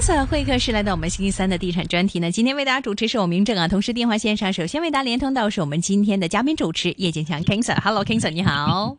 King sir 會客室，來到我們星期三的地產專題呢，今天為大家主持是我們明正啊，同時電話線上首先為大家連通到是我們今天的嘉賓主持葉建強 King sir，Hello King sir 你好。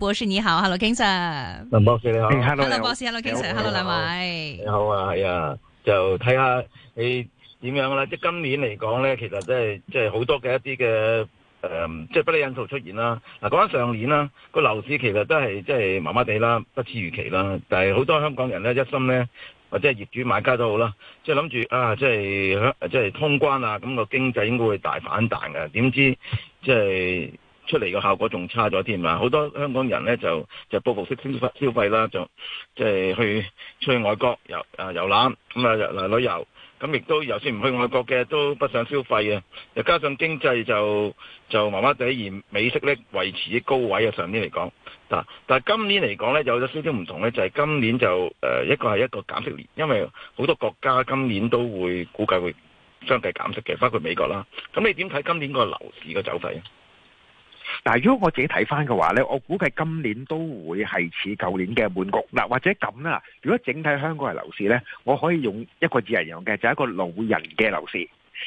博士你好，Hello King Sir。林博士你好，Hello 博士，Hello King Sir，Hello，兩位。你好啊，係啊，就睇下你點樣啦。即係今年嚟講咧，其實都係即係好多嘅一啲嘅誒，即係不利因素出現啦。嗱，啊，講翻上年啦，個樓市其實都係即係麻麻地啦，不似預期啦。但係好多香港人咧，一心咧或者係業主買家都好啦，即係諗住啊，即係即係通關啊，咁個經濟應該會大反彈噶。點知即係？即係即係出嚟嘅效果仲差咗添啊！好多香港人咧就即係報復式消費消費啦，就即係去出去外國遊啊遊覽咁啊，嗱旅遊咁亦都，就算唔去外國嘅，都不想消費嘅。又加上經濟就就麻麻地，而美息咧維持高位啊。上年嚟講嗱，但係今年嚟講咧，有咗少少唔同咧，就係、是、今年就誒、呃、一個係一個減息年，因為好多國家今年都會估計會相繼減息嘅，包括美國啦。咁你點睇今年個樓市嘅走勢啊？但係如果我自己睇翻嘅話咧，我估計今年都會係似舊年嘅滿局嗱，或者咁啦。如果整體香港嘅樓市咧，我可以用一個字嚟形容嘅，就係、是、一個老人嘅樓市。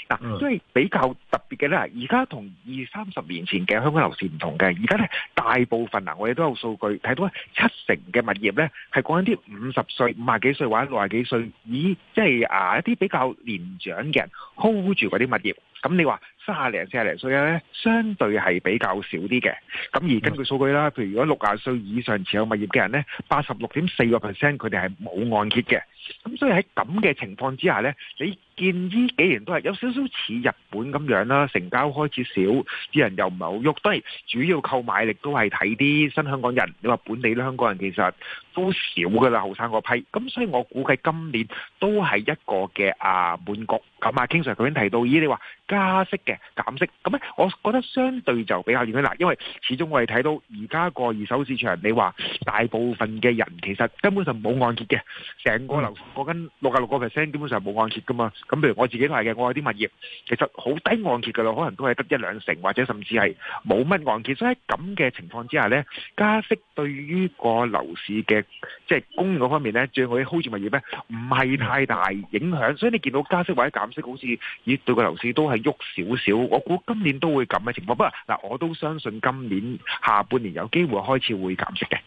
嗱、嗯，即係比較特別嘅咧，而家同二三十年前嘅香港樓市唔同嘅。而家咧大部分啊，我哋都有數據睇到七成嘅物業咧，係講緊啲五十歲、五十幾歲或者六十幾歲，以即係啊一啲比較年長嘅人 hold 住嗰啲物業。咁你話？卅零、四十零歲嘅咧，相對係比較少啲嘅。咁而根據數據啦，譬如如果六廿歲以上持有物業嘅人咧，八十六點四個 percent，佢哋係冇按揭嘅。咁所以喺咁嘅情況之下咧，你見依幾年都係有少少似日本咁樣啦，成交開始少，啲人又唔係好喐。都係，主要購買力都係睇啲新香港人，你話本地香港人其實，都少嘅啦，後生嗰批，咁所以我估計今年都係一個嘅啊滿局，咁啊 King Sir 頭先提到咦你話加息嘅減息，咁咧我覺得相對就比較難啦，因為始終我哋睇到而家個二手市場，你話大部分嘅人其實根本上冇按揭嘅，成個樓嗰根六個六個 percent，基本上係冇按揭噶嘛。咁譬如我自己都係嘅，我有啲物業，其實好低按揭嘅啦，可能都係得一兩成或者甚至係冇乜按揭。所以喺咁嘅情況之下咧，加息對於個樓市嘅即係供應嗰方面咧，最好啲居住物業咧，唔係太大影響，所以你見到加息或者減息，好似以對個樓市都係喐少少。我估今年都會咁嘅情況。不過，嗱，我都相信今年下半年有機會開始會減息嘅。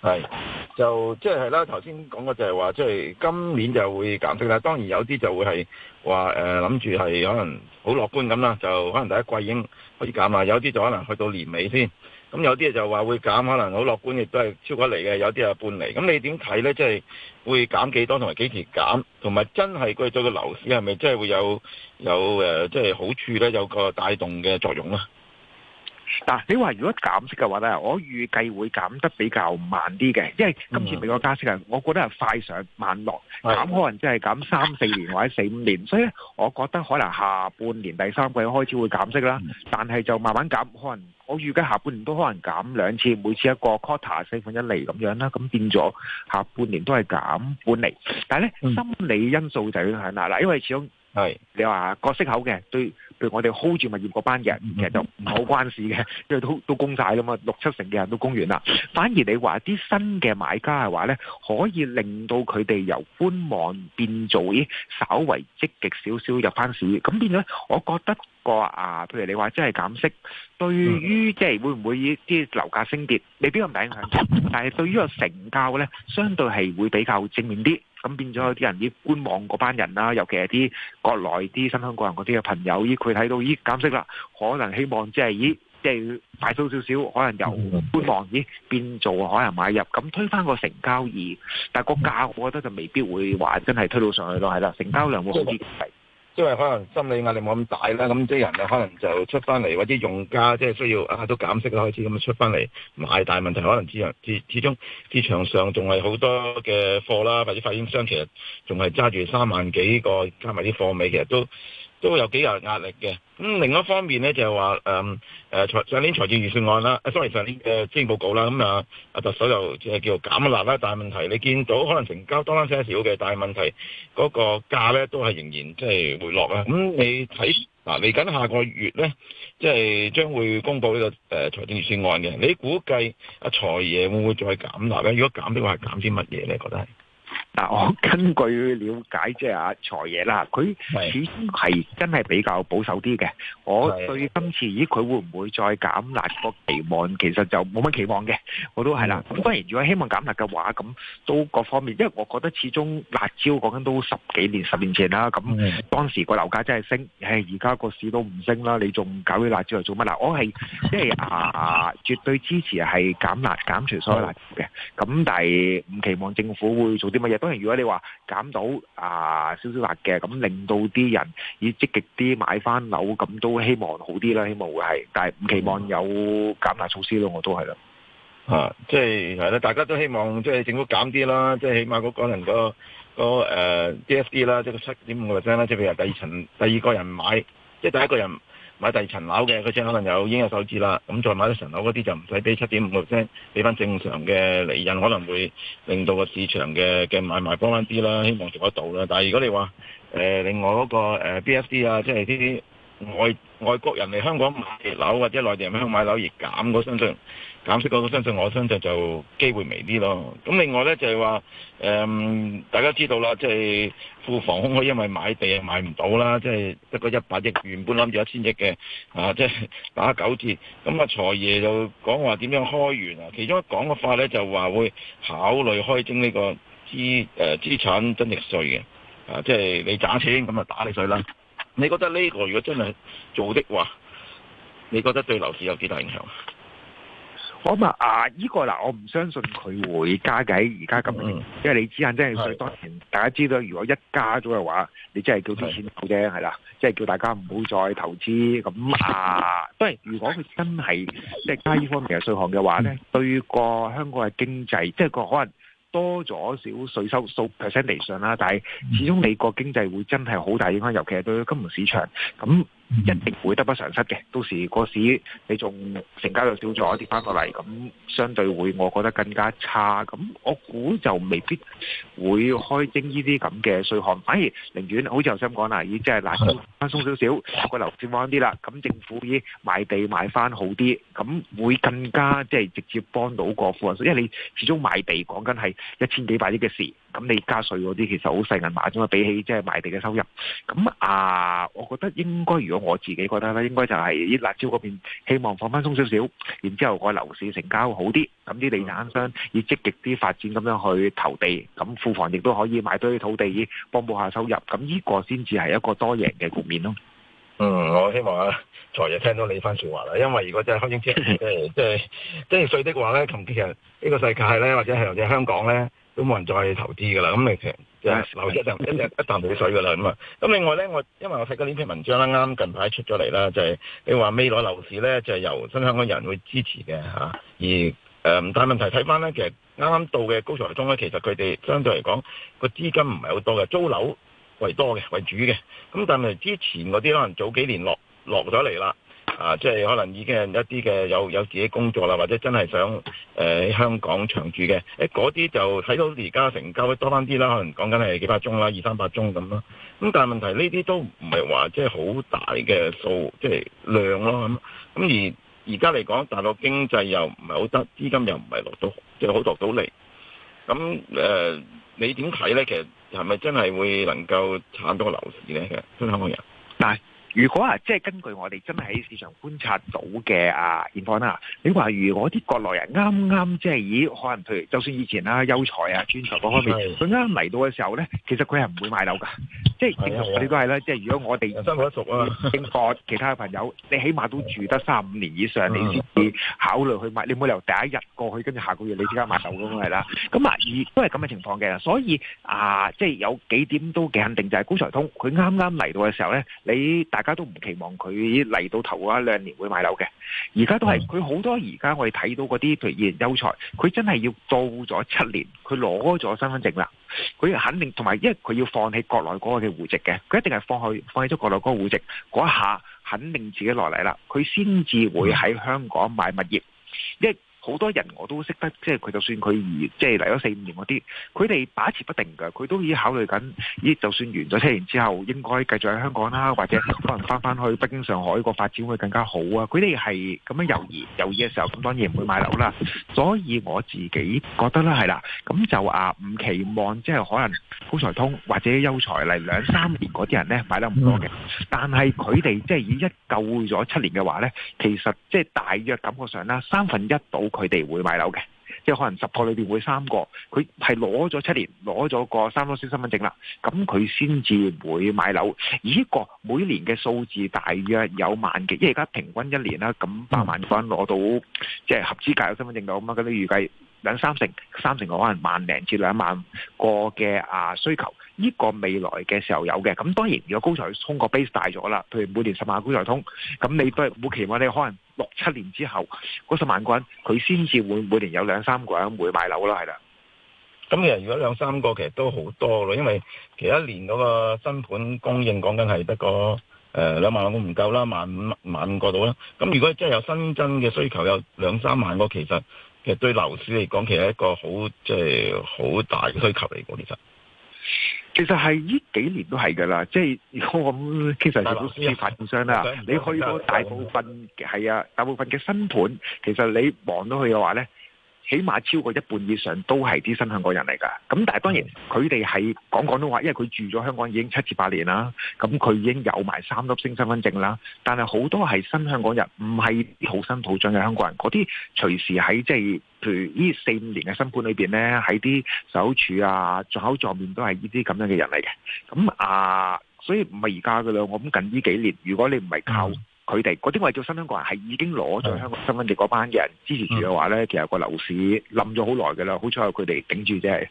係，就即係啦，頭先講過就係話，即係今年就會減息啦。當然有啲就會係話誒，諗住係可能好樂觀咁啦，就可能第一季已經可以減啦。有啲就可能去到年尾先。咁有啲就話會減，可能好樂觀，亦都係超過厘嘅；有啲係半厘。咁你點睇咧？即係會減幾多同埋幾時減？同埋真係對咗個樓市係咪真係會有有誒、呃、即係好處咧？有個帶動嘅作用咧？嗱，你話如果減息嘅話咧，我預計會減得比較慢啲嘅，因為今次美國加息係，嗯、我覺得係快上慢落，的減可能真係減三四年或者四五年，所以咧，我覺得可能下半年第三季開始會減息啦，但係就慢慢減可能。我預計下半年都可能減兩次，每次一個 quarter 四分一厘咁樣啦，咁變咗下半年都係減半厘，但係咧、嗯、心理因素就影響啦，嗱，因為始終。係，你話個息口嘅，對，譬如我哋 hold 住物業嗰班嘅人，其實就唔好關事嘅，因為都都供晒啦嘛，六七成嘅人都供完啦。反而你話啲新嘅買家嘅話咧，可以令到佢哋由觀望變做啲稍為積極少少入翻市。咁變咗，我覺得個啊，譬如你話即係減息，對於即係會唔會啲樓價升跌，未必有影響，但係對於個成交咧，相對係會比較正面啲。咁變咗，有啲人啲觀望嗰班人啦，尤其係啲國內啲新香港人嗰啲嘅朋友，咦，佢睇到咦，減息啦，可能希望即係咦，即係大數少少，可能由觀望咦變做可能買入，咁推返個成交二，但係個價我覺得就未必會話真係推到上去咯，係啦，成交量會好啲。因為可能心理壓力冇咁大啦，咁啲人啊可能就出翻嚟，或者用家即係需要啊都減息啦，開始咁、嗯、出翻嚟買，但係問題可能市場始始終市場上仲係好多嘅貨啦，或者發展商其實仲係揸住三萬幾個加埋啲貨尾，其實都。都有幾有壓力嘅，咁、嗯、另一方面咧就係話誒誒上上年財政預算案啦，誒、啊、sorry 上年嘅財政報告啦，咁啊阿特首又即係叫做減辣啦，但係問題你見到可能成交多單少少嘅，但係問題嗰個價咧都係仍然即係回落啦。咁、嗯、你睇嗱嚟緊下個月咧，即、就、係、是、將會公布呢、這個誒、啊、財政預算案嘅，你估計阿、啊、財爺會唔會再減辣咧？如果減的話，減呢個係減啲乜嘢咧？覺得係？嗱，我根據了解，即係阿財爺啦，佢始終係真係比較保守啲嘅。我對今次咦，佢會唔會再減辣？個期望其實就冇乜期望嘅。我都係啦。咁當然，如果希望減辣嘅話，咁都各方面，因為我覺得始終辣招講緊都十幾年、十年前啦。咁當時個樓價真係升，誒而家個市都唔升啦。你仲搞啲辣招嚟做乜？嗱，我係即係啊，絕對支持係減辣、減除所有辣嘅。咁但係唔期望政府會做啲乜嘢。因為如果你話減到啊少少辣嘅，咁令到啲人以積極啲買翻樓，咁都希望好啲啦，希望會係，但係唔期望有減辣措施咯，我都係啦。啊，即係係啦，大家都希望即係政府減啲啦，即係起碼嗰個人個個誒 DSD 啦，即係個七點五個 percent 啦，即係譬如第二層第二個人買，即係第一個人。買第二層樓嘅，佢先可能有應有手指啦。咁再買一層樓嗰啲就唔使俾七點五個 percent，俾翻正常嘅利潤，可能會令到個市場嘅嘅買賣放翻啲啦。希望做得到啦。但係如果你話誒、呃、另外嗰、嗰個、呃、BFD 啊，即係呢啲。外外國人嚟香港買樓或者內地人去香港買樓，而減，相減相我相信減息，我我相信我相信就機會微啲咯。咁另外咧就係話，誒、嗯、大家知道啦，即係庫房空虛，因為買地啊買唔到啦，即係得個一百億，原本諗住一千億嘅，啊即係、就是、打九折。咁啊財爺就講話點樣開源啊？其中一講嘅法咧就話會考慮開徵呢個資誒、啊、資產增值稅嘅，啊即係、就是、你賺錢咁啊打你稅啦。你覺得呢個如果真係做的話，你覺得對樓市有幾大影響，啊這個？我諗啊，呢個嗱，我唔相信佢會加計，而家今年，因為你隻眼真係，的當年大家知道，如果一加咗嘅話，你真係叫啲錢好啫，係啦的，即係叫大家唔好再投資。咁啊，不過的如果佢真係即係加呢方面嘅稅項嘅話咧，嗯、對個香港嘅經濟，即係個可能。多咗少少稅收數 percent 嚟上啦，但係始終美國經濟會真係好大影響，尤其係對金融市場咁。Mm hmm. 一定會得不償失嘅，到時個市你仲成交量少咗，跌翻落嚟，咁相對會我覺得更加差。咁我估就未必會開徵呢啲咁嘅稅項，反而寧願好似頭先講啦，以即係難鬆鬆少少，個樓市旺啲啦，咁政府易賣地賣翻好啲，咁會更加即係直接幫到個庫，因為你始終賣地講緊係一千幾百億嘅事。咁你加稅嗰啲，其實好細銀碼啫嘛，比起即係賣地嘅收入。咁啊，我覺得應該，如果我自己覺得咧，應該就係辣招嗰邊希望放翻鬆少少，然之後個樓市成交好啲，咁啲地產商以積極啲發展咁樣去投地，咁庫房亦都可以賣多啲土地，以幫補下收入。咁呢個先至係一個多贏嘅局面咯。嗯，我希望啊，財爺聽到你番說話啦，因為如果真係開徵即係即係增稅的話咧，同其實呢個世界咧，或者係或者香港咧。都冇人再投資㗎啦，咁你其實樓市就一 Yes. 一陣一潭死水㗎啦，咁啊，咁另外咧，我因為我睇過呢篇文章啦，啱近排出咗嚟啦，就係、是、你話未來樓市咧就係、是、由新香港人會支持嘅嚇、啊，而誒、呃、但係問題睇返咧，其實啱啱到嘅高才通咧，其實佢哋相對嚟講個資金唔係好多嘅，租樓為多嘅為主嘅，咁但係之前嗰啲可能早幾年落落咗嚟啦。啊，即係可能已經一啲嘅有有自己工作啦，或者真係想誒、呃、喺香港長住嘅，誒嗰啲就睇到而家成交多返啲啦，可能講緊係幾百宗啦，二三百宗咁啦。咁、嗯、但係問題呢啲都唔係話即係好大嘅數，即係量咯咁。咁、嗯、而而家嚟講，大陸經濟又唔係好得，資金又唔係落到即係好落到嚟。咁、嗯、誒、呃，你點睇咧？其實係咪真係會能夠撐到多個樓市咧？其實香港人，大。如果啊，即係根據我哋真係喺市場觀察到嘅啊現況啦，你話如果啲國內人啱啱即係以可能譬如就算以前啦、啊、優才啊、專才嗰方面，佢啱嚟到嘅時候咧，其實佢係唔會買樓㗎，即係其實我哋都係啦。的即係如果我哋生我熟啊，英 國其他嘅朋友，你起碼都住得三五年以上，你先至考慮去買，你唔好理由第一日過去，跟住下個月你即刻買樓咁樣係啦。咁、就、啊、是，而都係咁嘅情況嘅，所以啊，即係有幾點都幾肯定，就係、是、高才通佢啱啱嚟到嘅時候咧，你大。而家都唔期望佢嚟到頭一兩年會買樓嘅，而家都係佢，好多而家我哋睇到嗰啲譬如優才，佢真係要做咗七年，佢攞咗身份證啦，佢肯定同埋，因為佢要放棄國內嗰個嘅戶籍嘅，佢一定係放去放棄咗國內嗰個戶籍，嗰下肯定自己落嚟啦，佢先至會喺香港買物業，因為。好多人我都識得，即係佢就算佢而即係嚟咗四五年嗰啲，佢哋把持不定㗎，佢都已經考慮緊，依就算完咗七年之後，應該繼續喺香港啦，或者可能返返去北京、上海個發展會更加好啊！佢哋係咁樣猶豫猶豫嘅時候，咁當然唔會買樓啦。所以我自己覺得啦，係啦，咁就啊，唔期望即係可能高才通或者優才嚟兩三年嗰啲人咧買得唔多嘅，但係佢哋即係已經夠咗七年嘅話咧，其實即係大約感覺上啦，三分一到。佢哋會買樓嘅，即係可能十個裏邊會三個，佢係攞咗七年，攞咗個三粒星身份證啦，咁佢先至會買樓。呢個每年嘅數字大約有萬幾，因為而家平均一年啦，咁百萬個人攞到即係合資格有身份證到咁嘛，咁你預計兩三成、三成可能萬零至兩萬個嘅啊需求。呢個未來嘅時候有嘅，咁當然如果高才通個 base 大咗啦，譬如每年十萬高才通，咁你都係冇期望你可能六七年之後嗰十萬個人佢先至會每年有兩三個人會買樓啦，係啦。咁其實如果兩三個其實都好多咯，因為其實一年嗰個新盤供應講緊係得個誒兩萬兩個唔夠啦，萬五萬五個度啦。咁如果即係有新增嘅需求有兩三萬個，其實其實對樓市嚟講其實一個好即係好大嘅需求嚟嘅，其實。其實係呢幾年都係噶啦，即係如果我咁，其實好多發展商啦， 你去到大部分係 啊，大部分嘅新盤，其實你望到去嘅話咧。起碼超過一半以上都係啲新香港人嚟㗎，咁但係當然佢哋係講廣東話，因為佢住咗香港已經七至八年啦，咁佢已經有埋三粒星身份證啦。但係好多係新香港人，唔係土生土長嘅香港人，嗰啲隨時喺即係譬如呢四五年嘅新盤裏邊呢，喺啲手處啊、作口、座面都係呢啲咁樣嘅人嚟嘅。咁、呃、啊，所以唔係而家㗎啦。我諗近呢幾年，如果你唔係靠，嗯佢哋嗰啲我係叫新香港人，係已經攞咗香港身份證嗰班嘅人支持住嘅話咧，嗯、其實個樓市冧咗好耐嘅啦，好彩係佢哋頂住啫、就是。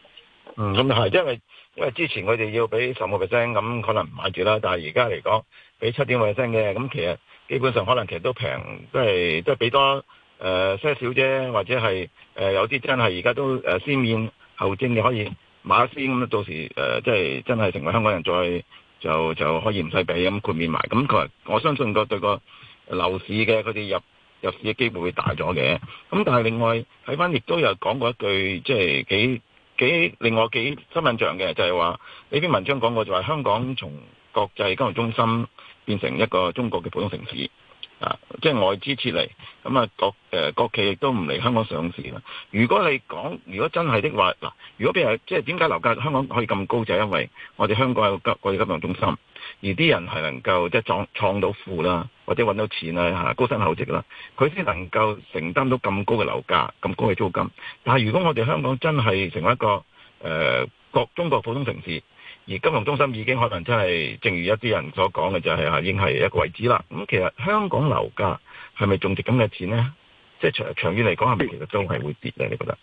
嗯，咁又係，因為因為之前佢哋要俾十五個 percent，咁可能唔買住啦。但係而家嚟講，俾七點五 percent 嘅，咁其實基本上可能其實都平，即係都係俾多誒、呃、些少啫，或者係誒、呃、有啲真係而家都誒先、呃、免後徵，你可以買一先咁，到時誒即係真係成為香港人再。就就可以唔使俾咁豁免埋，咁佢、嗯、我相信個對個樓市嘅佢哋入入市嘅機會會大咗嘅。咁、嗯、但係另外睇返，亦都有講過一句，即係幾幾另外幾深印象嘅，就係話呢篇文章講過就話、是、香港從國際金融中心變成一個中國嘅普通城市。啊！即係外資撤離，咁啊國誒國企亦都唔嚟香港上市啦。如果你講，如果真係的，的話，嗱、啊，如果譬如即係點解樓價香港可以咁高，就係、是、因為我哋香港有個國際金融中心，而啲人係能夠即係創創到富啦，或者搵到錢啦吓、啊，高薪厚職啦，佢先能夠承擔到咁高嘅樓價、咁高嘅租金。但係如果我哋香港真係成為一個誒國、呃、中國普通城市。而金融中心已經可能真係，正如一啲人所講嘅，就係已經係一個位置啦。咁其實香港樓價係咪重值咁嘅錢呢？即係長長遠嚟講，係咪其實都係會跌呢？你覺得？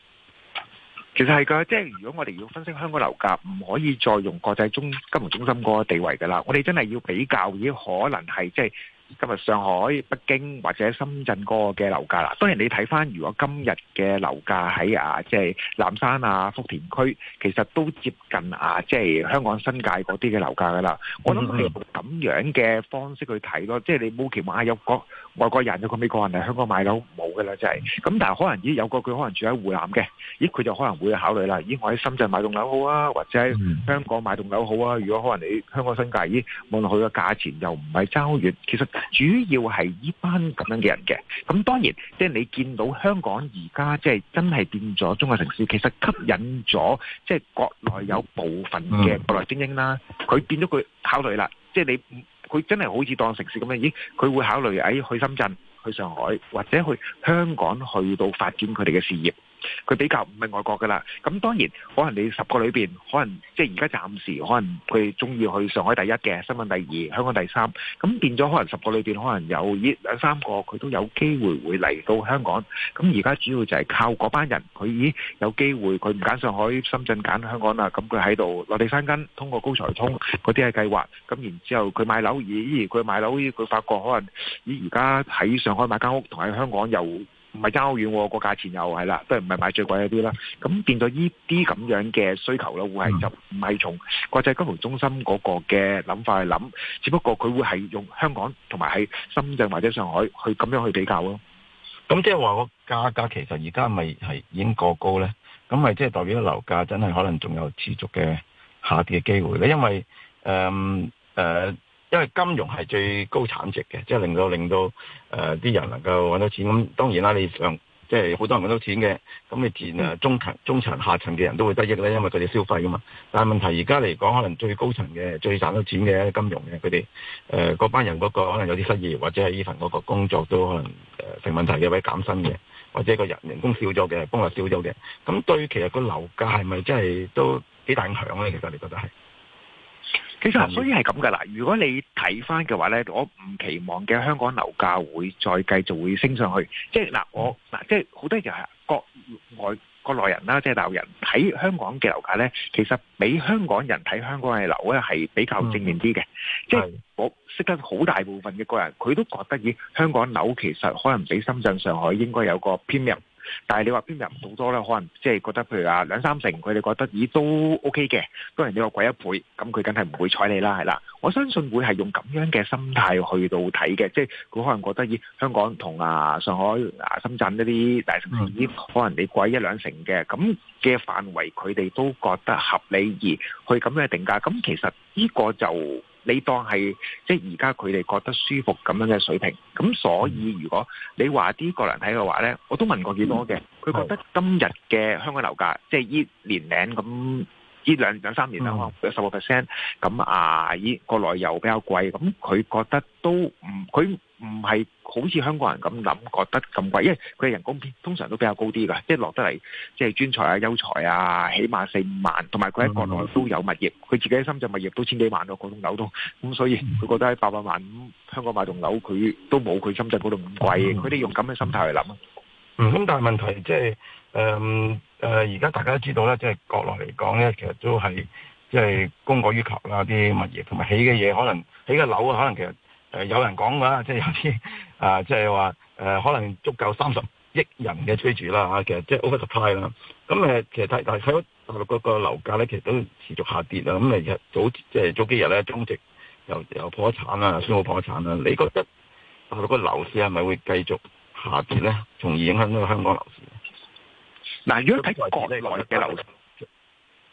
其實係㗎，即係如果我哋要分析香港樓價，唔可以再用國際中金融中心嗰個地位㗎啦。我哋真係要比較已經可能係即係。今日上海、北京或者深圳嗰個嘅樓價啦，當然你睇翻如果今日嘅樓價喺啊，即係南山啊、福田區，其實都接近啊，即係香港新界嗰啲嘅樓價噶啦。我諗係咁樣嘅方式去睇咯，即係你冇期望。啊，有個。外國人，有個美國人嚟香港買樓冇嘅啦，真係咁。但係可能咦，有個佢可能住喺湖南嘅，咦，佢就可能會考慮啦。咦，我喺深圳買棟樓好啊，或者喺香港買棟樓好啊。如果可能你香港新界咦，望落去嘅價錢又唔係差好遠，其實主要係依班咁樣嘅人嘅。咁當然，即係你見到香港而家即係真係變咗中國城市，其實吸引咗即係國內有部分嘅國內精英啦，佢，嗯，變咗佢考慮啦，即係你。佢真係好似當城市咁樣，咦？佢會考慮喺去深圳、去上海或者去香港去到發展佢哋嘅事業。佢比較唔係外國嘅啦，咁當然可能你十個裏邊，可能即係而家暫時可能佢鍾意去上海第一嘅，深圳第二，香港第三，咁變咗可能十個裏邊可能有咦兩三個佢都有機會會嚟到香港，咁而家主要就係靠嗰班人，佢已經有機會，佢唔揀上海、深圳揀香港啦，咁佢喺度落地生根，通過高才通嗰啲係計劃，咁然之後佢買樓，咦？佢買樓，佢發覺可能咦？而家喺上海買間屋同喺香港又。唔係差好遠喎，個價錢又係啦，都係唔係買最貴嗰啲啦。咁變咗呢啲咁樣嘅需求咧，會係就唔係從國際金融中心嗰個嘅諗法去諗，只不過佢會係用香港同埋喺深圳或者上海去咁樣去比較咯。咁即係話個價格其實而家咪係已經過高呢，咁咪即係代表樓價真係可能仲有持續嘅下跌嘅機會呢，因為誒誒。因為金融係最高產值嘅，即係令到令到誒啲人能夠揾到錢。咁當然啦，你上即係好多人揾到錢嘅，咁你自然啊中層、中層、下層嘅人都會得益啦，因為佢哋消費㗎嘛。但係問題而家嚟講，可能最高層嘅最賺到錢嘅金融嘅，佢哋誒嗰班人嗰個可能有啲失業，或者係依份嗰個工作都可能誒成問題嘅，或者減薪嘅，或者個人工少咗嘅，工時少咗嘅。咁對其是是，其實個樓價係咪真係都幾大影響咧？其實你覺得係？其實，所以係咁噶啦。如果你睇翻嘅話咧，我唔期望嘅香港樓價會再繼續會升上去。即係嗱，嗯、我嗱，即係好多嘅國外國內人啦，即係大陸人睇香港嘅樓價咧，其實比香港人睇香港嘅樓咧係比較正面啲嘅。即係我識得好大部分嘅個人，佢都覺得咦，香港樓其實可能比深圳、上海應該有個偏但係你話邊入唔到多咧，可能即係覺，覺得，譬如啊兩三成，佢哋覺得咦都 OK 嘅。當然你話貴一倍，咁佢梗係唔會睬你啦，係啦。我相信會係用咁樣嘅心態去到睇嘅，即係佢可能覺得咦，香港同啊上海啊深圳呢啲大城市，嗯、可能你貴一兩成嘅，咁嘅範圍佢哋都覺得合理而去咁樣定價。咁其實呢個就。你當係即係而家佢哋覺得舒服咁樣嘅水平，咁所以如果你話啲個人睇嘅話呢，我都問過幾多嘅，佢覺得今日嘅香港樓價即係依年零咁。呢兩兩三年啊嘛，有十個 percent。咁啊，依、嗯嗯、國內又比較貴，咁佢覺得都唔，佢唔係好似香港人咁諗，覺得咁貴，因為佢嘅人工通常都比較高啲㗎，即係落得嚟，即係專才啊、優才啊，起碼四五萬。同埋佢喺國內都有物業，佢自己喺深圳物業都千幾萬咯，個棟樓都。咁、嗯嗯、所以佢覺得喺八百萬，香港買棟樓，佢都冇佢深圳嗰棟咁貴。佢哋用咁嘅心態去諗。嗯，咁但係問題即係，誒。誒而家大家都知道咧，即係國內嚟講咧，其實都係即係供過於求啦，啲物業同埋起嘅嘢，可能起嘅樓啊，可能其實誒有人講啦，即係有啲啊、呃，即係話誒，可能足夠三十億人嘅居住啦嚇，其實即係 over supply 啦。咁誒，其實睇睇到大陸個個樓價咧，其實都持續下跌啦。咁、嗯、誒，早即係、就是、早幾日咧，中植又又破產啦，宣布破產啦。你覺得大陸個樓市係咪會繼續下跌咧？從而影響到香港樓市？嗱，如果睇國內嘅樓市，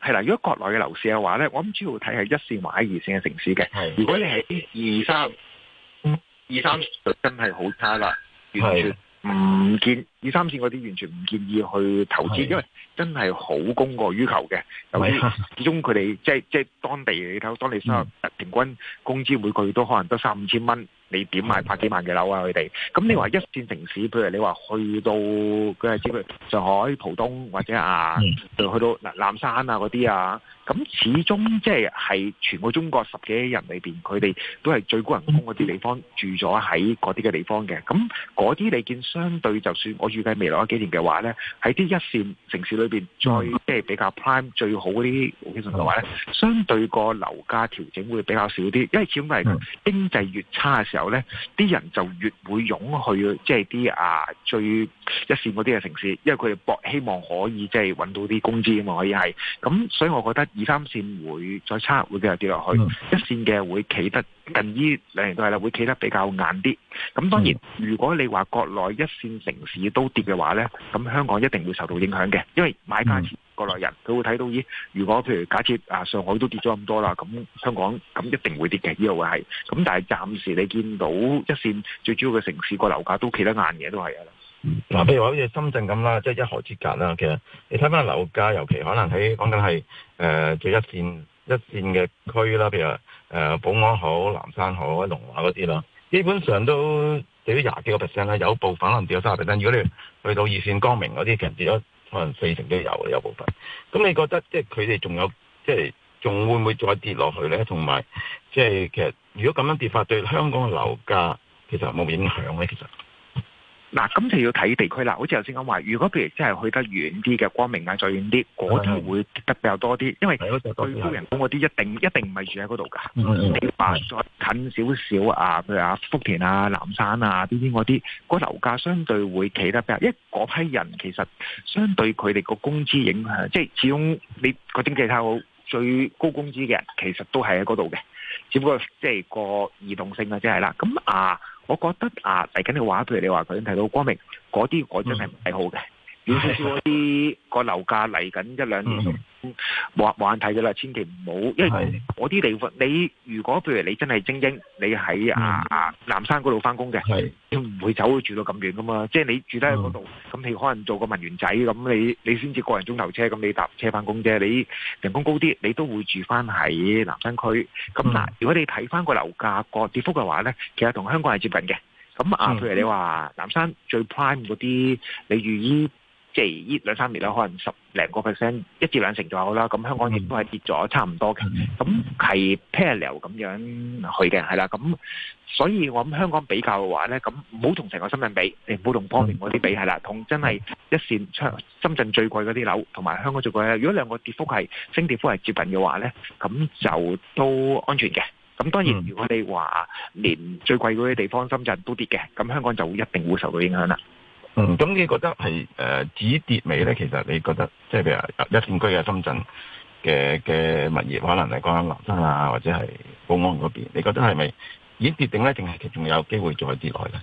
係啦，如果國內嘅樓市嘅話咧，我諗主要睇係一線或者二線嘅城市嘅。的如果你係二三、二三就真係好差啦，的完全唔建二三線嗰啲完全唔建議去投資，的因為真係好供過於求嘅。由於始終佢哋即係即係當地你睇，當地收入平均工資每個月都可能得三五千蚊。你點買百幾萬嘅樓啊？佢哋咁你話一線城市，譬如你話去到佢係指譬如上海浦東，或者啊，去到嗱南山啊嗰啲啊。咁始終即係係全個中國十幾億人裏邊，佢哋都係最高人工嗰啲地方住咗喺嗰啲嘅地方嘅。咁嗰啲你見相對，就算我預計未來嗰幾年嘅話咧，喺啲一線城市裏邊，再、嗯、即係比較 prime 最好嗰啲屋企層嘅話咧，相對個樓價調整會比較少啲。因為始終都係經濟越差嘅時候咧，啲人就越會湧去即係啲啊最一線嗰啲嘅城市，因為佢哋搏希望可以即係揾到啲工資啊嘛，可以係。咁所以我覺得。二三線會再差，會繼續跌落去。Mm hmm. 一線嘅會企得近依呢兩年都係啦，會企得比較硬啲。咁當然，如果你話國內一線城市都跌嘅話呢，咁香港一定會受到影響嘅，因為買家係、mm hmm. 國內人，佢會睇到咦，如果譬如假設啊，上海都跌咗咁多啦，咁香港咁一定會跌嘅，呢度會係。咁但係暫時你見到一線最主要嘅城市個樓價都企得硬嘅都係啊。嗱，譬、嗯嗯、如好似深圳咁啦，即、就、係、是、一河之隔啦。其實你睇翻個樓價，尤其可能喺講緊係誒最一線一線嘅區啦，譬如誒寶、呃、安好、南山好、龍華嗰啲啦，基本上都跌咗廿幾個 percent 啦。有部分可能跌咗三十 percent，如果你去到二線光明嗰啲，其實跌咗可能四成都有嘅，有部分。咁你覺得即係佢哋仲有即係仲會唔會再跌落去咧？同埋即係其實如果咁樣跌法對香港嘅樓價其實冇影響咧，其實。嗱，咁就要睇地區啦。好似頭先講話，如果譬如真係去得遠啲嘅光明啊，再遠啲，嗰啲的會得比較多啲。因為最高人工嗰啲一定的一定唔係住喺嗰度㗎。的你話再近少少啊，譬如啊福田啊、南山啊呢啲嗰啲，嗰、那個、樓價相對會企得比較。因為嗰批人其實相對佢哋個工資影響，即係始終你個經濟太好，最高工資嘅人，其實都係喺嗰度嘅。只不過即係個移動性、就是、啊，即係啦。咁啊～我覺得啊，嚟緊嘅話，譬如你話佢已經提到光明嗰啲，我真係唔係好嘅，尤其是嗰啲個樓價嚟緊一兩年。Mm hmm. 冇眼睇嘅啦，千祈唔好，因為嗰啲地方，你如果譬如你真係精英，你喺啊啊、嗯、南山嗰度翻工嘅，都唔、嗯、會走住到咁遠噶嘛。即係你住得喺嗰度，咁、嗯、你可能做個文員仔，咁你你先至個人鐘頭車，咁你搭車翻工啫。你人工高啲，你都會住翻喺南山區。咁嗱、嗯，如果你睇翻個樓價、個跌幅嘅話咧，其實同香港係接近嘅。咁啊，譬如你話、嗯嗯、南山最 prime 嗰啲，你預依。即係呢兩三年啦，可能十零個 percent，一至兩成左右啦。咁香港亦都係跌咗差唔多嘅。咁係 parallel 咁樣去嘅，係啦。咁所以我諗香港比較嘅話咧，咁唔好同成個深圳比，誒唔好同坡面嗰啲比係啦。同真係一線出深圳最貴嗰啲樓，同埋香港最貴咧。如果兩個跌幅係升跌幅係接近嘅話咧，咁就都安全嘅。咁當然，如果你話連最貴嗰啲地方深圳都跌嘅，咁香港就一定會受到影響啦。嗯，咁你覺得係誒、呃、止跌未咧？其實你覺得即係譬如一線居喺深圳嘅嘅物業，可能係講緊南山啊，或者係寶安嗰邊，你覺得係咪已經跌定咧，定係仲有機會再跌落去咧？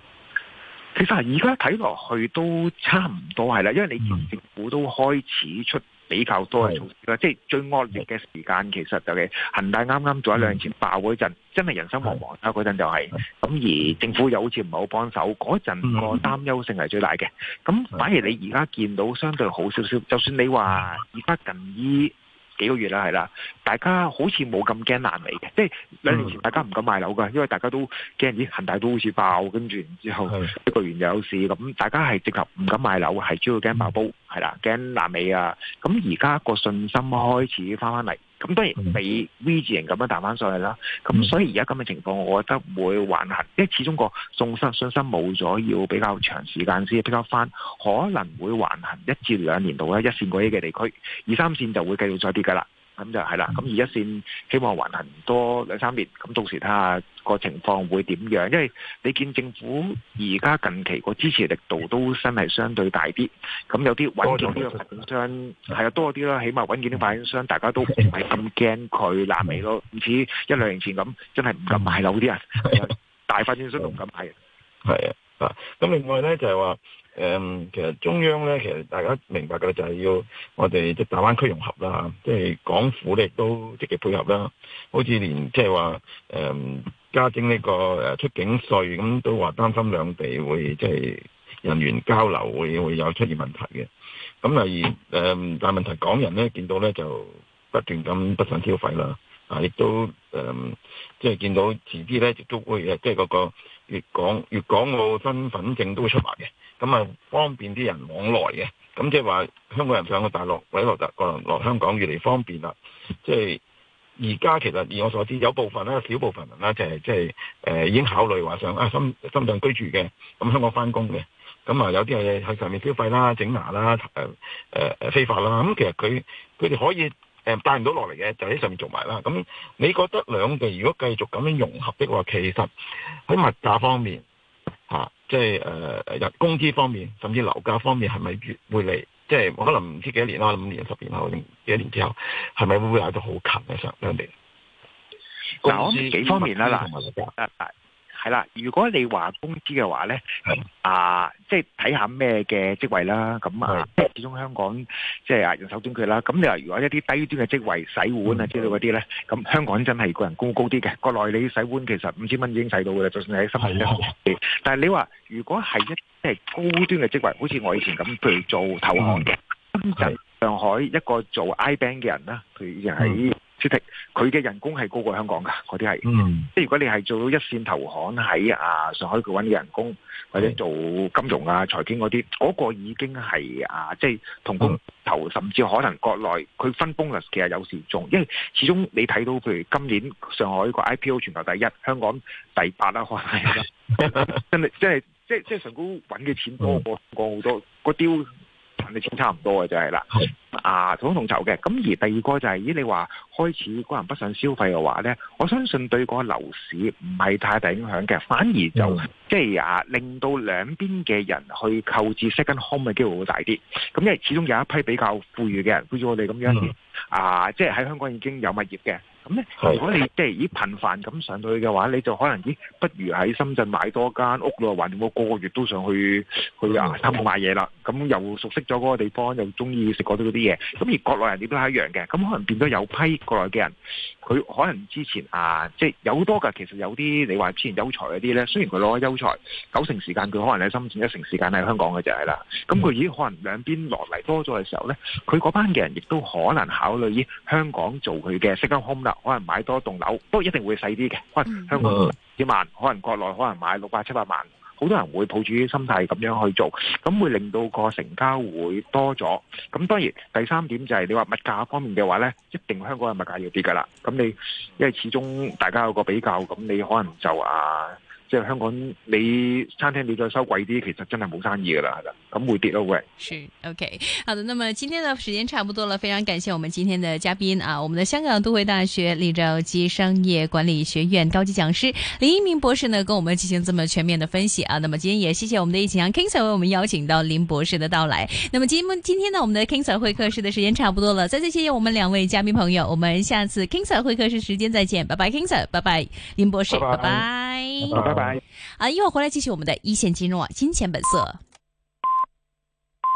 其實而家睇落去都差唔多係啦，因為你見政府都開始出，嗯比較多嘅措施啦，是即係最惡劣嘅時間其實就係恒大啱啱做咗兩年前、mm hmm. 爆嗰陣，真係人心惶惶啦。嗰陣就係、是、咁，mm hmm. 而政府又好似唔係好幫手，嗰陣個擔憂性係最大嘅。咁反而你而家見到相對好少少，mm hmm. 就算你話而家近依幾個月啦，係啦，大家好似冇咁驚爛尾嘅，即係兩年前大家唔敢買樓噶，因為大家都驚咦恒大都好似爆，跟住然之後一個完又有事，咁大家係直頭唔敢買樓，係主要驚爆煲，係啦，驚爛尾啊，咁而家個信心開始翻翻嚟。.咁當然未 V 字型咁樣彈翻上去啦，咁、嗯、所以而家咁嘅情況，我覺得會橫行，因為始終個重心信心信心冇咗，要比較長時間先企得翻，可能會橫行一至兩年度咧，一線嗰啲嘅地區，二三線就會繼續再跌噶啦。咁就係啦，咁而一線希望還行多兩三年，咁到時睇下個情況會點樣。因為你見政府而家近期個支持力度都真係相對大啲，咁有啲穩咗呢個發展商係啊多啲啦，起碼穩健啲發展商大家都唔係咁驚佢爛尾咯，唔似 一兩年前咁真係唔敢買樓啲人， 啊、大發展商都唔敢買。係 啊，啊咁另外咧就係話。誒，um, 其實中央咧，其實大家明白嘅就係要我哋即係大灣區融合啦，即係港府咧都積極配合啦。好似連即係話誒加徵呢個誒出境稅，咁都話擔心兩地會即係人員交流會會有出現問題嘅。咁例如誒，但係問題港人咧見到咧就不斷咁不想消費啦，啊，亦都誒即係見到遲啲咧，亦都會即係嗰個粵港粵港澳身份證都會出埋嘅。咁啊，方便啲人往來嘅，咁即係話香港人上去大陸，或者大陸過嚟落香港越嚟方便啦。即係而家其實以我所知，有部分啦，小部分人啦、就是，就係即係誒已經考慮話想啊深深圳居住嘅，咁、嗯、香港翻工嘅，咁、嗯、啊有啲嘢喺上面消費啦、整牙啦、誒誒誒飛髮啦。咁、嗯、其實佢佢哋可以誒帶唔到落嚟嘅，就喺上面做埋啦。咁、嗯、你覺得兩地如果繼續咁樣融合的話，其實喺物價方面。即係誒誒，人、呃、工資方面，甚至樓價方面，係咪越會嚟？即係可能唔知幾多年啦，五年、十年後，幾年之後，係咪會嚟到好近嘅上兩年？嗱，我幾方面啦，嗱。係啦，如果你話工資嘅話咧，的啊，即係睇下咩嘅職位啦。咁的啊，始終香港即係啊，人手短缺啦。咁你話如果一啲低端嘅職位，洗碗啊之類嗰啲咧，咁香港真係個人高高啲嘅。國內你洗碗其實五千蚊已經洗到噶啦，就算的你喺深圳。係啊，但係你話如果係一即係高端嘅職位，好似我以前咁，譬如做投行嘅，深圳上海一個做 I bank 嘅人啦，佢以前喺。的佢嘅人工係高過香港噶，嗰啲係，嗯、即係如果你係做到一線投行喺啊上海佢搵嘅人工，或者做金融啊、財經嗰啲，嗰、那個已經係啊，即係同工頭，嗯、甚至可能國內佢分 bonus 其實有時仲，因為始終你睇到，譬如今年上海個 IPO 全球第一，香港第八啦、啊，可能 真係，即係即係即係上股搵嘅錢多過過好多，個屌、嗯。 你錢差唔多嘅就係啦，是啊，同同籌嘅。咁而第二個就係、是，咦，你話開始嗰人不想消費嘅話咧，我相信對個樓市唔係太大影響嘅，反而就、嗯、即係啊，令到兩邊嘅人去購置 second home 嘅機會會大啲。咁因為始終有一批比較富裕嘅人，好似我哋咁樣，嗯、啊，即係喺香港已經有物業嘅，咁咧，的如果你即係咦頻繁咁上去嘅話，你就可能咦不如喺深圳買多間屋咯，橫掂我個個月都上去去啊，都、啊、買嘢啦。咁又熟悉咗嗰個地方，又中意食嗰度嗰啲嘢。咁而國內人亦都係一樣嘅。咁可能變咗有批國內嘅人，佢可能之前啊，即係有多噶。其實有啲你話之前優才嗰啲咧，雖然佢攞優才，九成時間佢可能喺深圳，一成時間喺香港嘅就係啦。咁佢、mm hmm. 已經可能兩邊落嚟多咗嘅時候咧，佢嗰班嘅人亦都可能考慮依香港做佢嘅 second home 啦，可能買多棟樓，不過一定會細啲嘅。喂，香港。Mm hmm. 幾萬，可能國內可能買六百七百萬，好多人會抱住啲心態咁樣去做，咁會令到個成交會多咗。咁當然第三點就係、是、你話物價方面嘅話呢，一定香港嘅物價要跌噶啦。咁你因為始終大家有個比較，咁你可能就啊。即係香港，你餐廳你再收貴啲，其實真係冇生意噶啦，係啦，咁會跌咯會。是 OK，好的，那麼今天嘅時間差不多啦，非常感謝我們今天的嘉賓啊，我們的香港都會大學李兆基商業管理學院高級講師林一鳴博士呢，跟我們進行咁樣全面的分析啊。那麼今天也謝謝我們的億奇行 King Sir 為我們邀請到林博士的到來。那麼今日今天呢，我們的 King Sir 會客室嘅時間差不多了，再次謝謝我們兩位嘉賓朋友，我們下次 King Sir 會客室時間再見，拜拜 King Sir，拜拜林博士，拜拜。啊，一會回來繼續我們的一線金融網、啊、金錢本色。